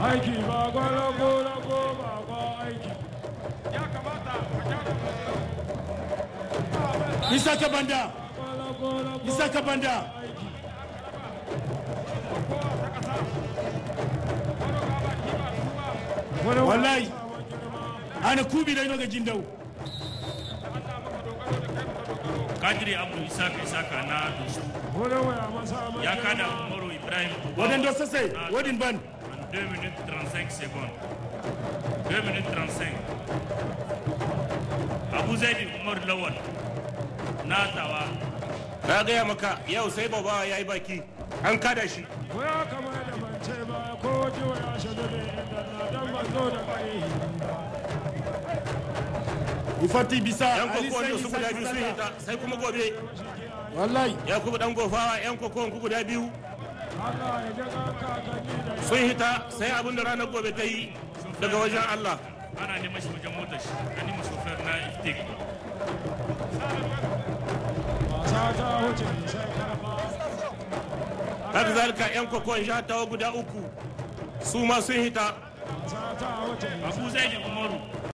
aiki ba ko lago lago ba ko aiki ya kamata a isa ka banda isa ka banda wallahi ana kubi da ga jindau kadiri abu na dusu ya umaru ibrahim wadanda sosai wadin ban 2 minutes 35 secondes. 2 minutes 35. Abu Zaidi Umar Lawal na tawa. Na gaya maka yau sai baba ya yi baki an kada shi. Ko ya kama da mace ba ko ji ya shaɗu da inda na dan ban zo da ƙarihi. Ifati bisa koko Sai su guda biyu sun hita sai kuma gobe. Wallahi. Ya kuma dan gofawa yan kokon guda biyu. sun hita sai abin da ranar gobe ta yi daga wajen Allah ana neman shi wajen motar shi an nemi sofiyar na iftik haka zalika yan kokon sha tawa guda uku su ma sun hita abu zai umaru